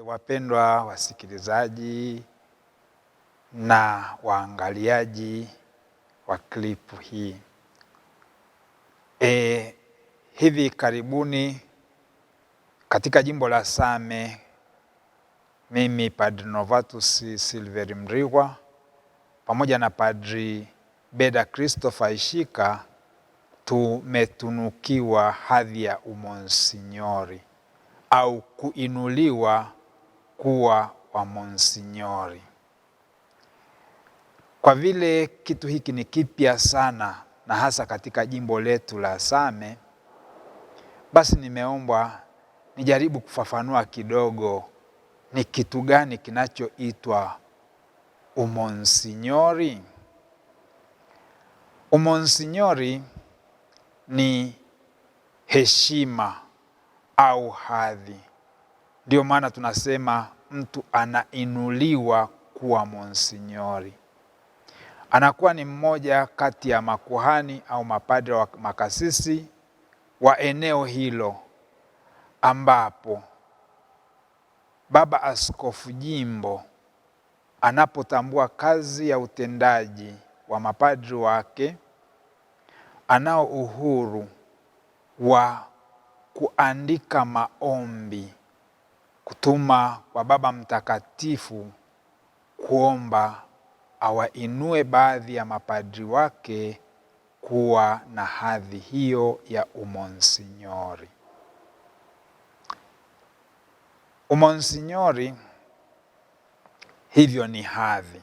Eh, wapendwa wasikilizaji na waangaliaji wa klipu hii e, hivi karibuni katika jimbo la Same, mimi Padri Novatus Silveri Mrigwa pamoja na Padri Beda Christopher Ishika tumetunukiwa hadhi ya umonsinyori au kuinuliwa kuwa wa Monsinyori. Kwa vile kitu hiki ni kipya sana na hasa katika jimbo letu la Same, basi nimeombwa nijaribu kufafanua kidogo ni kitu gani kinachoitwa umonsinyori. Umonsinyori ni heshima au hadhi Ndiyo maana tunasema mtu anainuliwa kuwa monsinyori, anakuwa ni mmoja kati ya makuhani au mapadre wa makasisi wa eneo hilo, ambapo baba askofu jimbo anapotambua kazi ya utendaji wa mapadri wake, anao uhuru wa kuandika maombi kutuma kwa Baba Mtakatifu kuomba awainue baadhi ya mapadri wake kuwa na hadhi hiyo ya umonsinyori. Umonsinyori hivyo ni hadhi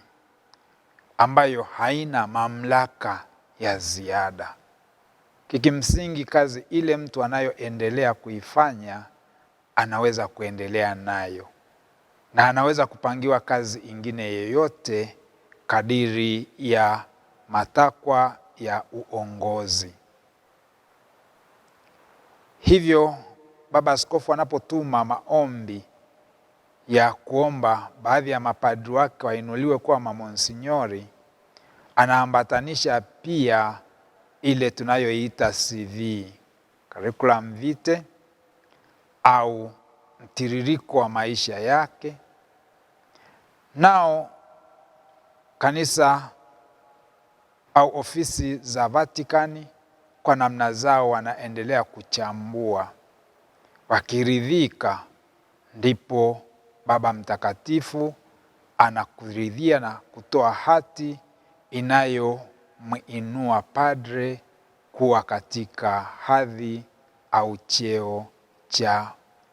ambayo haina mamlaka ya ziada. Kikimsingi, kazi ile mtu anayoendelea kuifanya anaweza kuendelea nayo na anaweza kupangiwa kazi ingine yoyote kadiri ya matakwa ya uongozi. Hivyo Baba Askofu anapotuma maombi ya kuomba baadhi ya mapadri wake wainuliwe kuwa mamonsinyori, anaambatanisha pia ile tunayoita CV, curriculum vitae au mtiririko wa maisha yake. Nao kanisa au ofisi za Vatikani kwa namna zao wanaendelea kuchambua, wakiridhika, ndipo Baba Mtakatifu anakuridhia na kutoa hati inayomwinua padre kuwa katika hadhi au cheo cha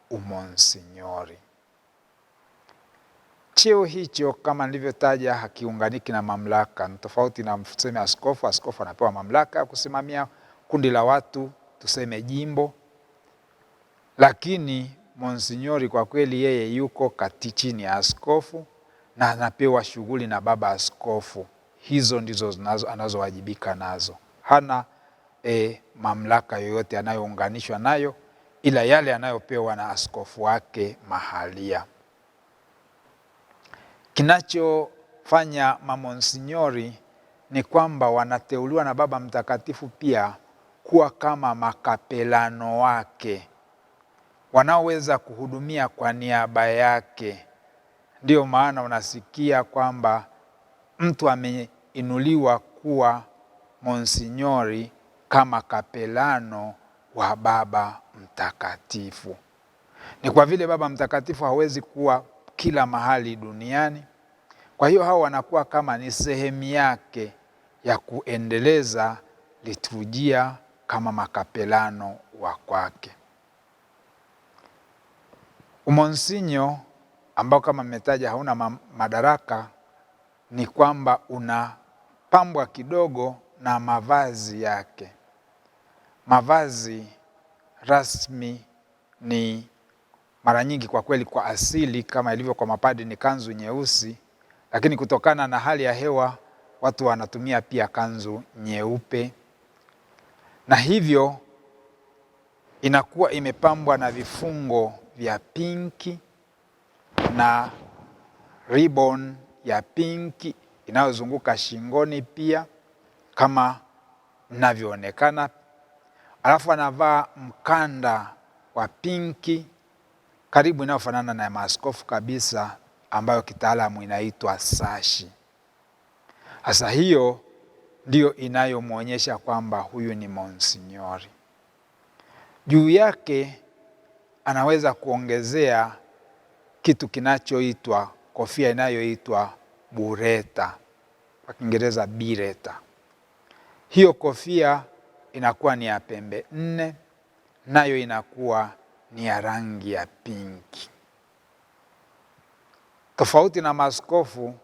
umonsinyori. Cheo hicho kama nilivyotaja hakiunganiki na mamlaka, ni tofauti na mseme askofu. Askofu anapewa mamlaka ya kusimamia kundi la watu, tuseme jimbo, lakini monsinyori kwa kweli yeye yuko kati chini ya askofu na anapewa shughuli na baba askofu. Hizo ndizo anazowajibika nazo, hana e, mamlaka yoyote anayounganishwa nayo ila yale anayopewa na askofu wake mahalia. Kinachofanya mamonsinyori ni kwamba wanateuliwa na Baba Mtakatifu pia kuwa kama makapelano wake wanaoweza kuhudumia kwa niaba yake. Ndiyo maana unasikia kwamba mtu ameinuliwa kuwa monsinyori kama kapelano wa Baba Mtakatifu. Ni kwa vile Baba Mtakatifu hawezi kuwa kila mahali duniani, kwa hiyo hao wanakuwa kama ni sehemu yake ya kuendeleza liturujia kama makapelano wa kwake. Umonsinyo ambao kama mmetaja hauna madaraka, ni kwamba unapambwa kidogo na mavazi yake mavazi rasmi ni mara nyingi kwa kweli, kwa asili kama ilivyo kwa mapadi ni kanzu nyeusi, lakini kutokana na hali ya hewa watu wanatumia pia kanzu nyeupe, na hivyo inakuwa imepambwa na vifungo vya pinki na ribbon ya pinki inayozunguka shingoni pia kama inavyoonekana alafu anavaa mkanda wa pinki karibu inayofanana na maaskofu kabisa, ambayo kitaalamu inaitwa sashi. Sasa hiyo ndiyo inayomwonyesha kwamba huyu ni monsinyori. Juu yake anaweza kuongezea kitu kinachoitwa kofia inayoitwa bureta, kwa Kiingereza bireta. Hiyo kofia inakuwa ni ya pembe nne, nayo inakuwa ni ya rangi ya pinki. Tofauti na maskofu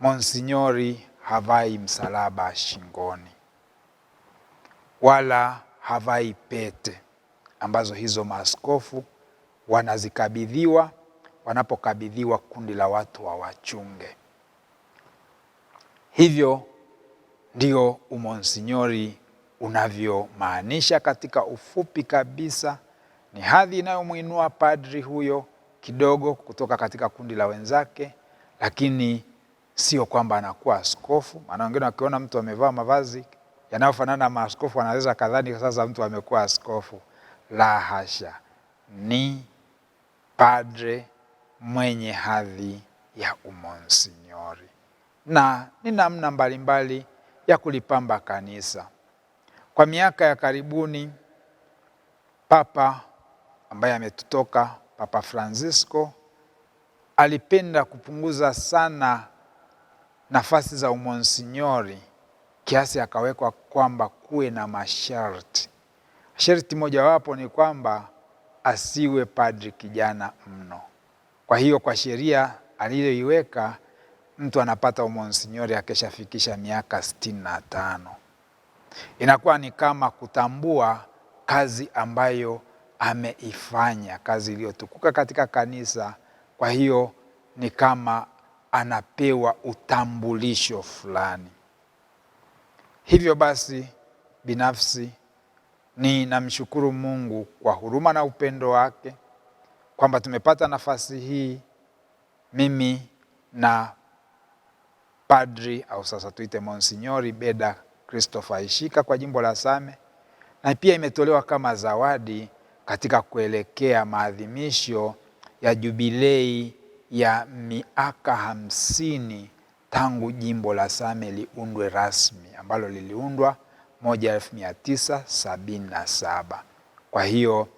monsinyori havai msalaba shingoni wala havai pete ambazo hizo maaskofu wanazikabidhiwa wanapokabidhiwa kundi la watu wa wachunge Hivyo ndio umonsinyori unavyomaanisha. Katika ufupi kabisa, ni hadhi inayomwinua padri huyo kidogo kutoka katika kundi la wenzake, lakini sio kwamba anakuwa askofu. Maana wengine wakiona mtu amevaa mavazi yanayofanana na maaskofu anaweza kadhani sasa mtu amekuwa askofu. La hasha, ni padre mwenye hadhi ya umonsinyori, na ni namna mbalimbali ya kulipamba kanisa. Kwa miaka ya karibuni papa ambaye ametutoka Papa Francisco alipenda kupunguza sana nafasi za umonsinyori kiasi akawekwa kwamba kuwe na masharti. Sharti mojawapo ni kwamba asiwe padri kijana mno. Kwa hiyo kwa sheria aliyoiweka mtu anapata umonsinyori akishafikisha miaka sitini na tano. Inakuwa ni kama kutambua kazi ambayo ameifanya, kazi iliyotukuka katika kanisa. Kwa hiyo ni kama anapewa utambulisho fulani. Hivyo basi, binafsi ninamshukuru Mungu kwa huruma na upendo wake kwamba tumepata nafasi hii, mimi na padri au sasa tuite monsinyori Beda Christopher Ishika kwa jimbo la Same na pia imetolewa kama zawadi katika kuelekea maadhimisho ya jubilei ya miaka hamsini tangu jimbo la Same liundwe rasmi ambalo liliundwa moja elfu mia tisa sabini na saba. Kwa hiyo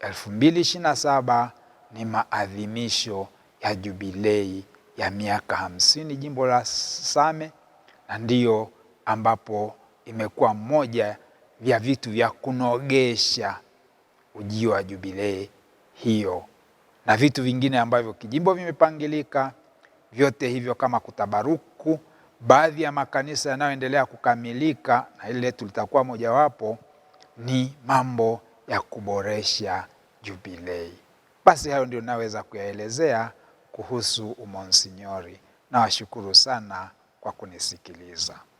elfu mbili ishirini na saba ni maadhimisho ya jubilei ya miaka hamsini jimbo la Same na ndiyo ambapo imekuwa moja vya vitu vya kunogesha ujio wa Jubilee hiyo na vitu vingine ambavyo kijimbo vimepangilika vyote hivyo kama kutabaruku, baadhi ya makanisa yanayoendelea kukamilika, na ile letu litakuwa mojawapo, ni mambo ya kuboresha Jubilei. Basi hayo ndio naweza kuyaelezea kuhusu umonsinyori, na washukuru sana kwa kunisikiliza.